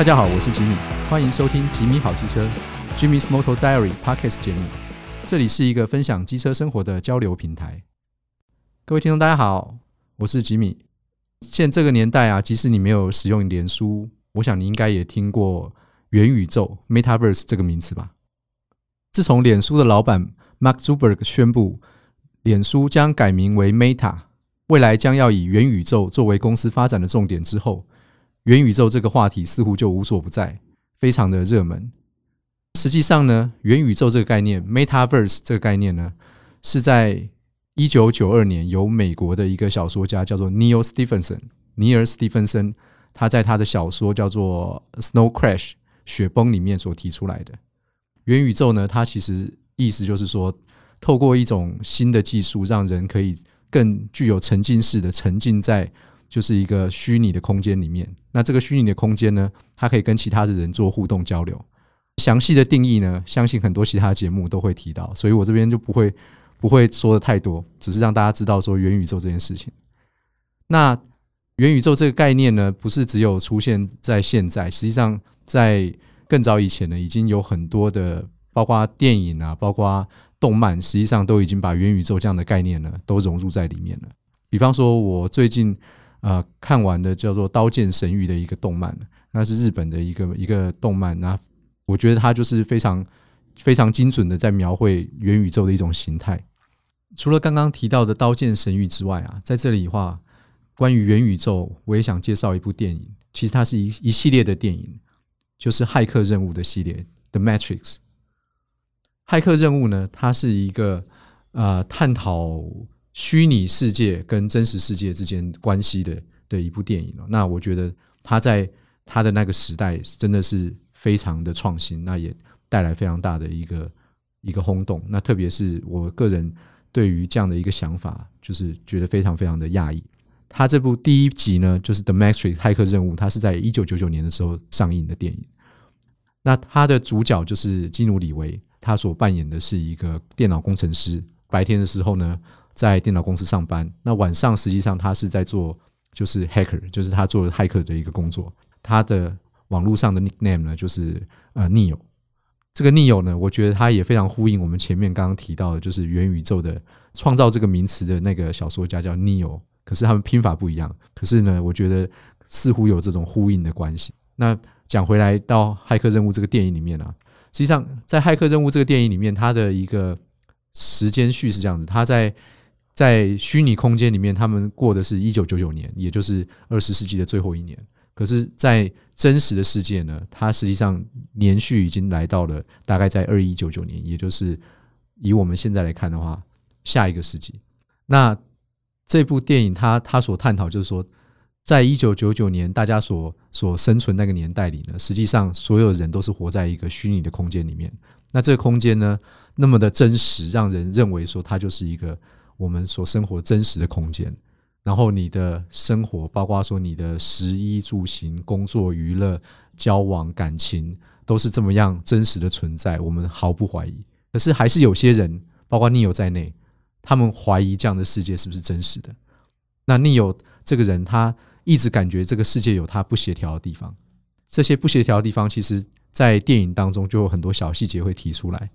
大家好，我是吉米，歡迎收聽《吉米好機車》（Jimmy's Moto Diary Podcast） 節目。這裡是一個分享機車生活的交流平台。各位聽眾，大家好，我是吉米。現在這個年代啊，即使你沒有使用臉書，我想你應該也聽過“元宇宙 ”（Metaverse） 這個名詞吧？自從臉書的老板 Mark Zuckerberg 宣布臉書將改名為 Meta，未來將要以元宇宙作為公司發展的重點之後。元宇宙這個話題似乎就無所不在，非常的熱門。實際上呢，元宇宙這個概念，metaverse 這個概念呢，是在一九九二年由美國的一個小說家叫做 Neil e s t p 尼 l s t e p 尼爾·斯蒂芬森）他在他的小說叫做《Snow Crash》雪崩》裡面所提出來的。元宇宙呢，它其實意思就是說，透過一種新的技術，讓人可以更具有沉浸式的沉浸在。就是一個虛擬的空間裡面，那這個虛擬的空間呢，它可以跟其他的人做互動交流。詳細的定義呢，相信很多其他節目都會提到，所以我這邊就不會不會說得太多，只是讓大家知道說元宇宙這件事情。那元宇宙這個概念呢，不是只有出現在現在，實際上在更早以前呢，已經有很多的，包括電影啊，包括動漫，實際上都已經把元宇宙這樣的概念呢，都融入在裡面了。比方說，我最近。啊、呃，看完的叫做《刀劍神域》的一個動漫，那是日本的一個一個動漫。那我覺得它就是非常非常精準的在描繪元宇宙的一種形態。除了剛剛提到的《刀劍神域》之外啊，在這裡的話，關於元宇宙，我也想介紹一部電影。其實它是一一系列的電影，就是《駭客任務》的系列，《The Matrix》。《駭客任務》呢，它是一個呃探討。虛擬世界跟真實世界之間關係的的一部電影。那我覺得他在他的那個時代真的是非常的創新，那也帶來非常大的一個一個轟動。那特別是我個人對於這樣的一個想法，就是覺得非常非常的訝異。他這部第一集呢，就是《The Matrix》《駭客任務》，它是在一九九九年的時候上映的電影。那他的主角就是基努李維，他所扮演的是一個電腦工程師，白天的時候呢。在電腦公司上班，那晚上實際上他是在做就是 hacker，就是他做了 hacker 的一個工作。他的網絡上的 nickname 呢，就是呃 Neo。這個 Neo 呢，我覺得他也非常呼應我們前面剛剛提到的，就是元宇宙的創造這個名詞的那個小說家叫 Neal。可是他們拼法不一樣，可是呢，我覺得似乎有這種呼應的關係。那講回來到《駭客任務》這個電影裡面啊，實際上在《駭客任務》這個電影裡面，它的一個時間序是這樣子，他在。在虛擬空間裡面，他們過的是一九九九年，也就是二十世紀的最後一年。可是，在真實的世界呢，它實際上年序已經來到了大概在二一九九年，也就是以我們現在來看的話，下一個世紀。那這部電影它它所探討就是說，在一九九九年大家所所生存那個年代裡呢，實際上所有人都是活在一個虛擬的空間裡面。那這個空間呢，那麼的真實，讓人認為說它就是一個。我們所生活真實的空間，然後你的生活，包括說你的食衣住行、工作、娛樂、交往、感情，都是這麼樣真實的存在，我們毫不懷疑。可是還是有些人，包括 Neo 在內，他們懷疑這樣的世界是不是真實的？那 Neo 這個人，他一直感覺這個世界有他不協調的地方。這些不協調的地方，其實在電影當中就有很多小細節會提出來。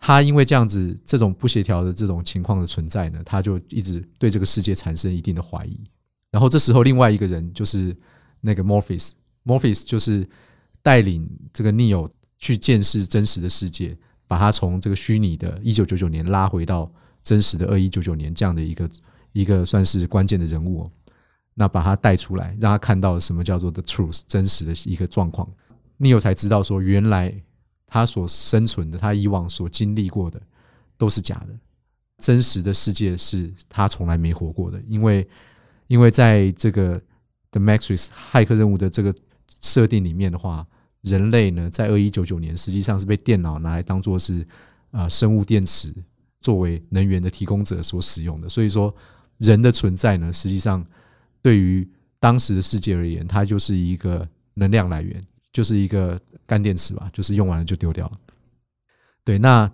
他因為這樣子，這種不協調的這種情況的存在呢，他就一直對這個世界產生一定的懷疑。然後這時候，另外一個人就是那個 Morpheus，Morpheus 就是帶領這個 Neo 去見識真實的世界，把他從這個虛擬的1999年拉回到真實的2199年這樣的一個一個算是關鍵的人物。那把他帶出來，讓他看到了什麼叫做 the truth 真實的一個狀況，Neo 才知道說原來。他所生存的，他以往所經歷過的，都是假的。真實的世界是他從來沒活過的。因為，因為在這個《The Matrix》駭客任務的這個設定裡面的話，人類呢，在二一九九年實際上是被電腦拿來當做是啊生物電池，作為能源的提供者所使用的。所以說，人的存在呢，實際上對於當時的世界而言，它就是一個能量來源。就是一個乾電池吧，就是用完了就丟掉了。對，那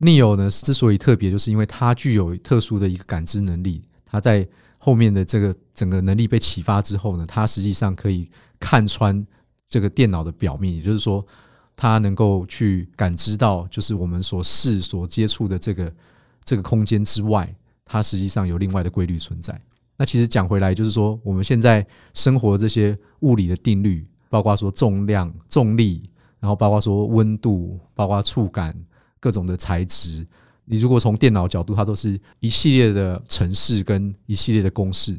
Neo 呢，之所以特別，就是因為它具有特殊的一個感知能力。它在後面的這個整個能力被啟發之後呢，它實際上可以看穿這個電腦的表面，也就是說，它能夠去感知到，就是我們所視所接觸的這個這個空間之外，它實際上有另外的規律存在。那其實講回來，就是說我們現在生活的這些物理的定律。包括說重量、重力，然後包括說溫度，包括觸感，各種的材質。你如果從電腦角度，它都是一系列的程式跟一系列的公式。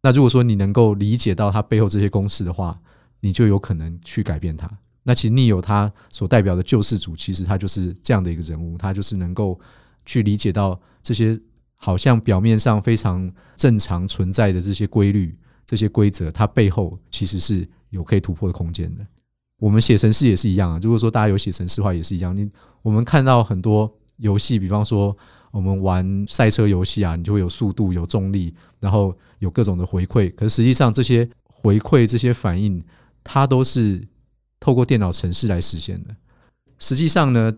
那如果說你能夠理解到它背後這些公式的話，你就有可能去改變它。那其實尼歐他所代表的救世主，其實他就是這樣的一個人物，他就是能夠去理解到這些好像表面上非常正常存在的這些規律、這些規則，它背後其實是。有可以突破的空間的。我們寫程式也是一樣啊。如果說大家有寫程式的話，也是一樣。你我們看到很多遊戲，比方說我們玩賽車遊戲啊，你就會有速度、有重力，然後有各種的回饋。可是實際上，這些回饋、這些反應，它都是透過電腦程式來實現的。實際上呢，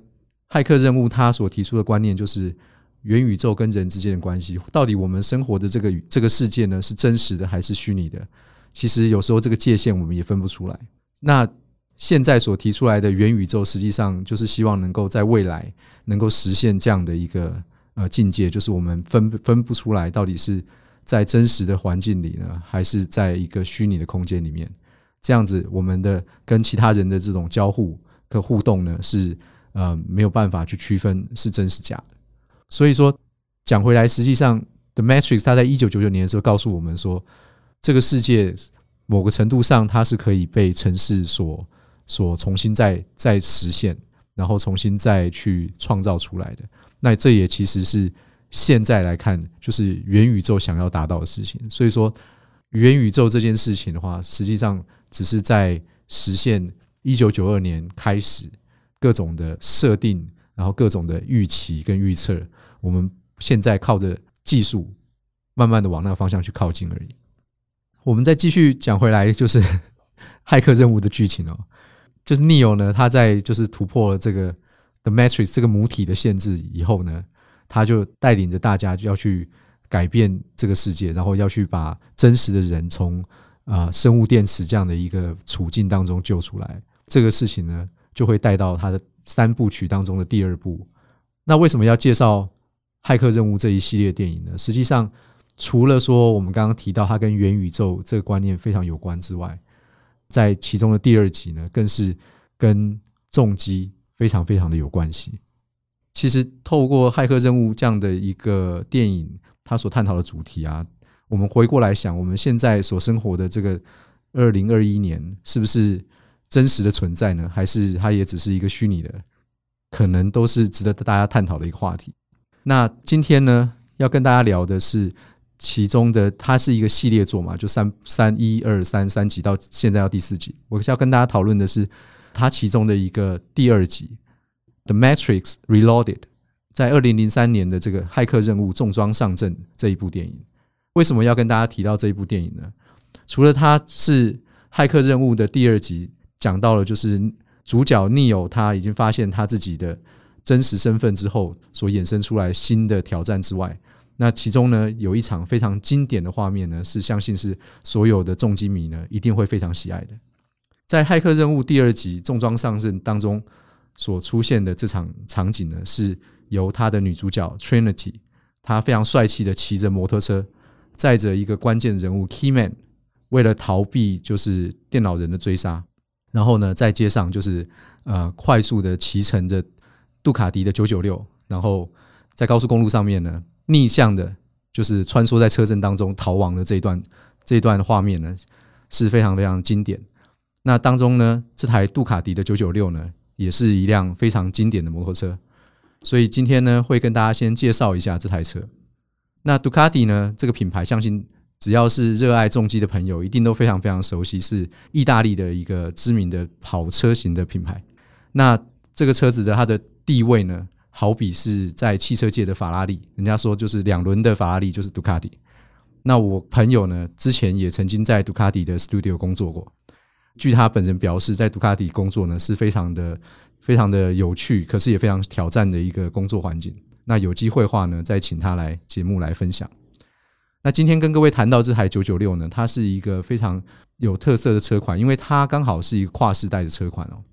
駭客任務他所提出的觀念，就是元宇宙跟人之間的關係，到底我們生活的這個這個世界呢，是真實的還是虛擬的？其實有時候這個界限，我們也分不出來。那現在所提出來的元宇宙，實際上就是希望能夠在未來能夠實現這樣的一個呃境界，就是我們分分不出來到底是在真實的環境裡呢，還是在一個虛擬的空間裡面。這樣子，我們的跟其他人的這種交互的互動呢，是呃沒有辦法去區分是真是假的。所以說講回來，實際上《The Matrix》它在一九九九年的時候告訴我們說，這個世界某個程度上，它是可以被城市所所重新再再實現，然後重新再去創造出來的。那這也其實是現在來看，就是元宇宙想要達到的事情。所以說，元宇宙這件事情的話，實際上只是在實現一九九二年開始各種的設定，然後各種的預期跟預測。我們現在靠着技術，慢慢地往那個方向去靠近而已。我們再繼續講回來，就是駭客任務的劇情哦、喔。就是尼歐呢，他在就是突破了這個《The Matrix》這個母體的限制以後呢，他就帶領着大家要去改變這個世界，然後要去把真實的人從啊生物電池這樣的一個處境當中救出來。這個事情呢，就會帶到他的三部曲當中的第二部。那為什麼要介紹駭客任務這一系列電影呢？實際上。除了說我們剛剛提到它跟元宇宙這個觀念非常有關之外，在其中的第二集呢，更是跟重機非常非常的有關係。其實透過駭客任務這樣的一個電影，它所探討的主題啊，我們回過來想，我們現在所生活的這個二零二一年，是不是真實的存在呢？還是它也只是一個虛擬的？可能都是值得大家探討的一個話題。那今天呢，要跟大家聊的是。其中的它是一個系列作嘛，就三三一二三三集到現在要第四集。我是要跟大家討論的是，它其中的一個第二集，《The Matrix Reloaded》在二零零三年的這個《駭客任務》重裝上陣這一部電影。為什麼要跟大家提到這一部電影呢？除了它是《駭客任務》的第二集，講到了就是主角 Neo 他已經發現他自己的真實身份之後所衍生出來的新的挑戰之外。那其中呢，有一場非常經典的畫面呢，是相信是所有的重機迷呢一定會非常喜愛的。在《駭客任務》第二集《重裝上陣》當中所出現的這場場景呢，是由他的女主角 Trinity，她非常帥氣的騎着摩托車，載着一個關鍵人物 Keyman，為了逃避就是電腦人的追殺，然後呢在街上就是呃快速的騎乘着杜卡迪的九九六，然後在高速公路上面呢，逆向的，就是穿梭在車陣當中逃亡的這一段，這一段畫面呢是非常非常經典。那當中呢，這台杜卡迪的996呢，也是一輛非常經典的摩托車。所以今天呢，會跟大家先介紹一下這台車。那杜卡迪呢，這個品牌，相信只要是熱愛重機的朋友，一定都非常非常熟悉，是意大利的一個知名的跑車型的品牌。那這個車子的它的地位呢？好比是在汽車界的法拉利，人家說就是兩輪的法拉利就是杜卡迪。那我朋友呢，之前也曾經在杜卡迪的 studio 工作過。據他本人表示，在杜卡迪工作呢是非常的、非常的有趣，可是也非常挑戰的一個工作環境。那有機會的話呢，再請他來節目來分享。那今天跟各位談到這台九九六呢，它是一個非常有特色的車款，因為它剛好是一個跨世代的車款哦、喔。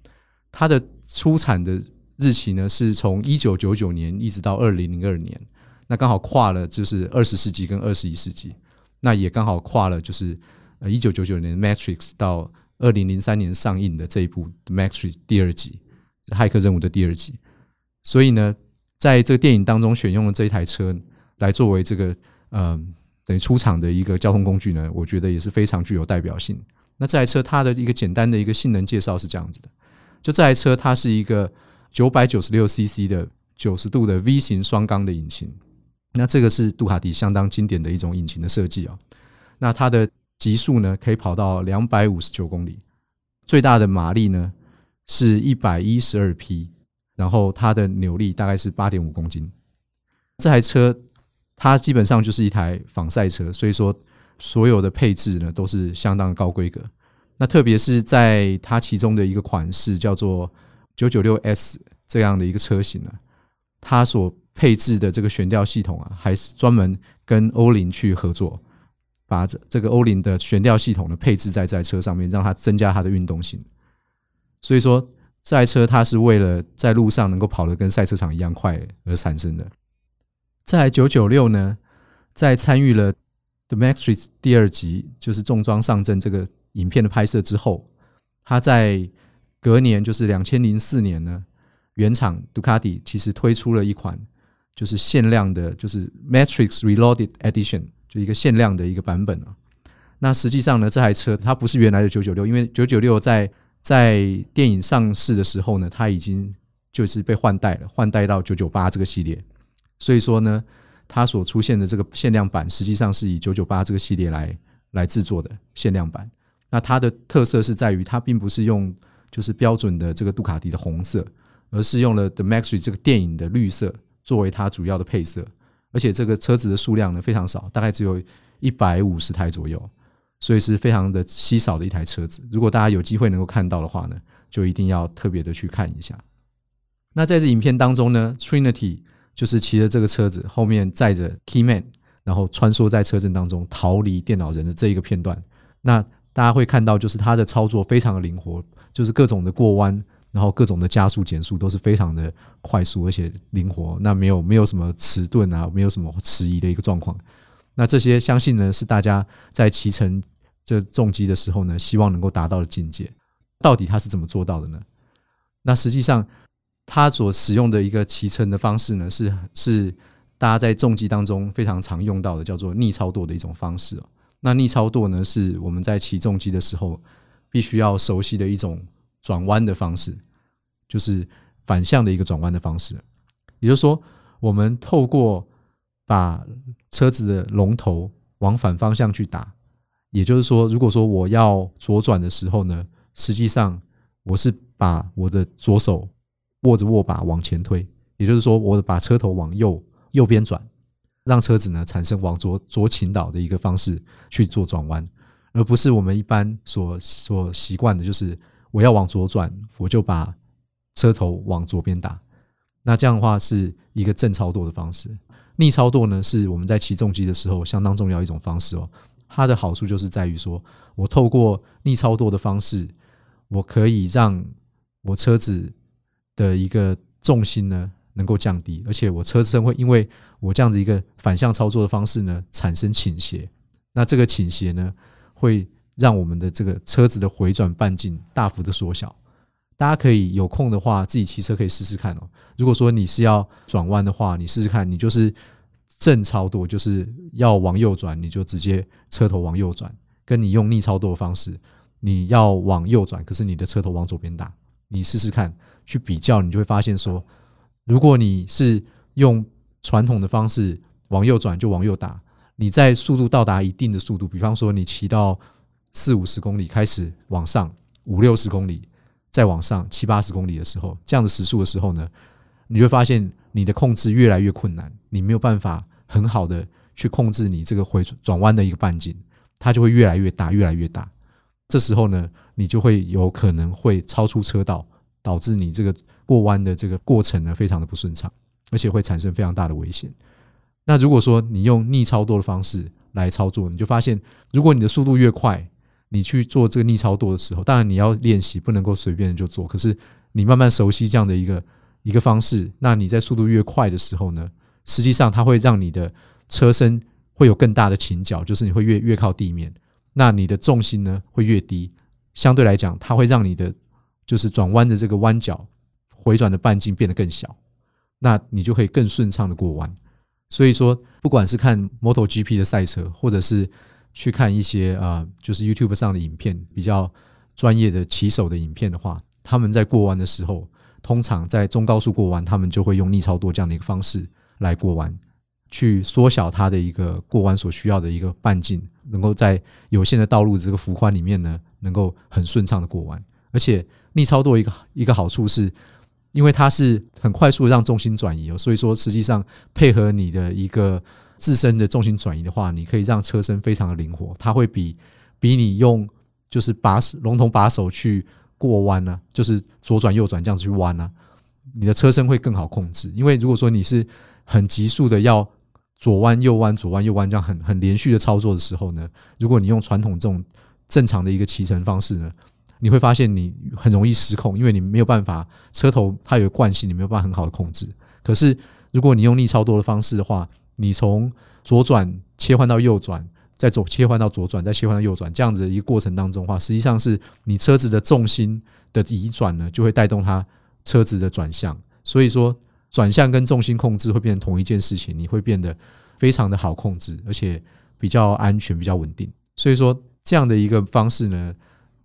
它的出產的。日期呢是從一九九九年一直到二零零二年，那剛好跨了就是二十世紀跟二十一世紀，那也剛好跨了就是呃一九九九年 Matrix 到二零零三年上映的這一部 The Matrix 第二集《駭客任務》的第二集，所以呢，在這個電影當中選用了這一台車來作為這個嗯、呃、等於出場的一個交通工具呢，我覺得也是非常具有代表性。那這台車它的一個簡單的一個性能介紹是這樣子的，就這台車它是一個。九百九十六 CC 的九十度的 V 型雙缸的引擎，那這個是杜卡迪相當經典的一種引擎的設計哦，那它的極速呢可以跑到兩百五十九公里，最大的馬力呢是一百一十二匹，然後它的扭力大概是八點五公斤。這台車它基本上就是一台仿賽車，所以說所有的配置呢都是相當高規格。那特別是在它其中的一個款式叫做。九九六 S 這樣的一個車型呢、啊，它所配置的這個懸吊系統啊，還是專門跟歐林去合作，把這這個歐林的懸吊系統的配置在這台車上面，讓它增加它的運動性。所以說，這台車它是為了在路上能夠跑得跟賽車場一樣快而產生的。在九九六呢，在參與了《The Matrix》第二集就是重裝上陣這個影片的拍攝之後，它在。隔年就是兩千零四年呢，原廠杜卡迪其實推出了一款就是限量的，就是 Matrix Reloaded Edition，就一個限量的一個版本啊。那實際上呢，這台車它不是原來的九九六，因為九九六在在電影上市的時候呢，它已經就是被換代了，換代到九九八這個系列。所以說呢，它所出現的這個限量版，實際上是以九九八這個系列來來製作的限量版。那它的特色是在於，它並不是用。就是標準的這個杜卡迪的紅色，而是用了《The Matrix》這個電影的綠色作為它主要的配色，而且這個車子的數量呢，非常少，大概只有一百五十台左右，所以是非常的稀少的一台車子。如果大家有機會能夠看到的話呢，就一定要特別的去看一下。那在這影片當中呢，Trinity 就是騎着這個車子，後面載着 Keyman，然後穿梭在車陣當中逃離電腦人的這一個片段。那大家會看到，就是它的操作非常的靈活。就是各種的過彎，然後各種的加速減速都是非常的快速，而且靈活，那沒有沒有什麼遲鈍啊，沒有什麼遲疑的一個狀況。那這些相信呢是大家在騎乘這重機的時候呢，希望能夠達到的境界。到底他是怎麼做到的呢？那實際上他所使用的一個騎乘的方式呢，是是大家在重機當中非常常用到的，叫做逆操舵的一種方式。那逆操舵呢，是我們在騎重機的時候。必須要熟悉的一種轉彎的方式，就是反向的一個轉彎的方式。也就是說，我們透過把車子的龍頭往反方向去打，也就是說，如果說我要左轉的時候呢，實際上我是把我的左手握着握把往前推，也就是說，我把車頭往右右邊轉，讓車子呢產生往左左傾倒的一個方式去做轉彎。而不是我們一般所所習慣的，就是我要往左轉，我就把車頭往左邊打。那這樣的話是一個正操舵的方式。逆操舵呢，是我們在騎重機的時候相當重要一種方式哦、喔。它的好處就是在於說，我透過逆操舵的方式，我可以讓我車子的一個重心呢能夠降低，而且我車身會因為我這樣子一個反向操作的方式呢產生傾斜。那這個傾斜呢？會讓我們的這個車子的回轉半徑大幅的縮小。大家可以有空的話，自己騎車可以試試看哦。如果說你是要轉彎的話，你試試看，你就是正操舵，就是要往右轉，你就直接車頭往右轉。跟你用逆操舵的方式，你要往右轉，可是你的車頭往左邊打，你試試看，去比較，你就會發現說，如果你是用傳統的方式往右轉，就往右打。你在速度到達一定的速度，比方說你騎到四五十公里開始往上，五六十公里再往上七八十公里的時候，這樣的時速的時候呢，你就會發現你的控制越來越困難，你沒有辦法很好的去控制你這個回轉彎的一個半徑，它就會越來越大越來越大。這時候呢，你就會有可能會超出車道，導致你這個過彎的這個過程呢，非常的不順暢，而且會產生非常大的危險。那如果說你用逆操舵的方式來操作，你就發現，如果你的速度越快，你去做這個逆操舵的時候，當然你要練習，不能夠隨便的就做。可是你慢慢熟悉這樣的一個一個方式，那你在速度越快的時候呢，實際上它會讓你的車身會有更大的傾角，就是你會越越靠地面，那你的重心呢會越低，相對來講，它會讓你的，就是轉彎的這個彎角，回轉的半徑變得更小，那你就可以更順暢的過彎。所以說，不管是看 MotoGP 的賽車，或者是去看一些啊，就是 YouTube 上的影片，比較專業的騎手的影片的話，他們在過彎的時候，通常在中高速過彎，他們就會用逆操舵這樣的一個方式來過彎，去縮小他的一個過彎所需要的一個半徑，能夠在有限的道路這個幅寬裡面呢，能夠很順暢的過彎。而且逆操舵一個一個好處是，因為它是很快速讓重心轉移，哦，所以說實際上配合你的一個自身的重心轉移的話，你可以讓車身非常的靈活。它會比比你用就是把手龍頭把手去過彎呢，啊，就是左轉右轉這樣子去彎呢，啊，你的車身會更好控制。因為如果說你是很急速的要左彎右彎左彎右彎這樣很很連續的操作的時候呢，如果你用傳統這種正常的一個騎乘方式呢，你會發現你很容易失控，因為你沒有辦法車頭它有慣性，你沒有辦法很好的控制。可是如果你用逆操舵的方式的話，你從左轉切換到右轉，再左切換到左轉，再切換到右轉，這樣子的一個過程當中的話，實際上是你車子的重心的移轉呢，就會帶動它車子的轉向。所以說，轉向跟重心控制會變成同一件事情，你會變得非常的好控制，而且比較安全，比較穩定。所以說，這樣的一個方式呢，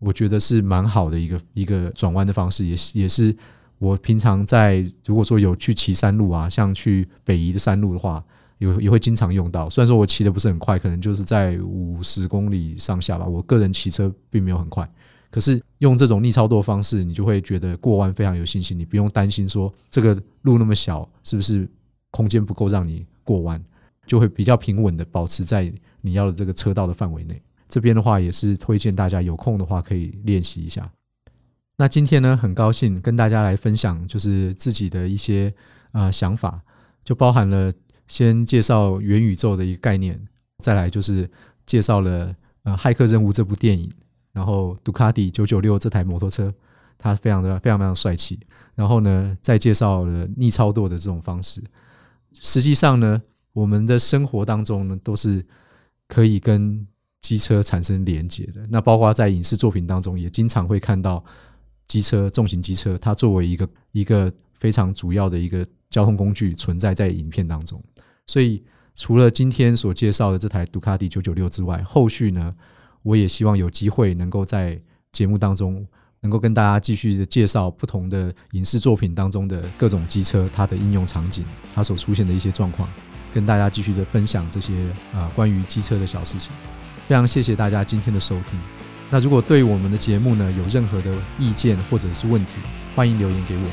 我覺得是蠻好的一個一個轉彎的方式，也是也是我平常在如果說有去騎山路啊，像去北宜的山路的話，有也會經常用到。雖然說我騎的不是很快，可能就是在五十公里上下吧。我個人騎車並沒有很快，可是用這種逆操舵方式，你就會覺得過彎非常有信心，你不用擔心說這個路那麼小，是不是空間不夠讓你過彎，就會比較平穩的保持在你要的這個車道的範圍內。這邊的話也是推薦大家有空的話可以練習一下。那今天呢，很高興跟大家來分享，就是自己的一些啊、呃、想法，就包含了先介紹元宇宙的一個概念，再來就是介紹了呃《駭客任務》這部電影，然後杜卡迪九九六這台摩托車，它非常的非常非常帥氣。然後呢，再介紹了逆操舵的這種方式。實際上呢，我們的生活當中呢，都是可以跟。機車產生連結的，那包括在影視作品當中，也經常會看到機車、重型機車，它作為一個一個非常主要的一個交通工具存在在影片當中。所以，除了今天所介紹的這台杜卡迪九九六之外，後續呢，我也希望有機會能夠在節目當中，能夠跟大家繼續的介紹不同的影視作品當中的各種機車，它的應用場景，它所出現的一些狀況，跟大家繼續的分享這些啊、呃、關於機車的小事情。非常謝謝大家今天的收聽。那如果對我們的節目呢，有任何的意見或者是問題，歡迎留言給我們。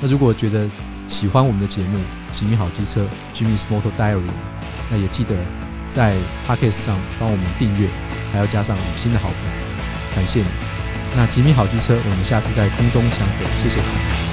那如果覺得喜歡我們的節目《吉米好機車》（Jimmy's Moto Diary），那也記得在 Podcast 上幫我們訂閱，還要加上五星的好評，感謝你。那《吉米好機車》，我們下次在空中相會，謝謝你。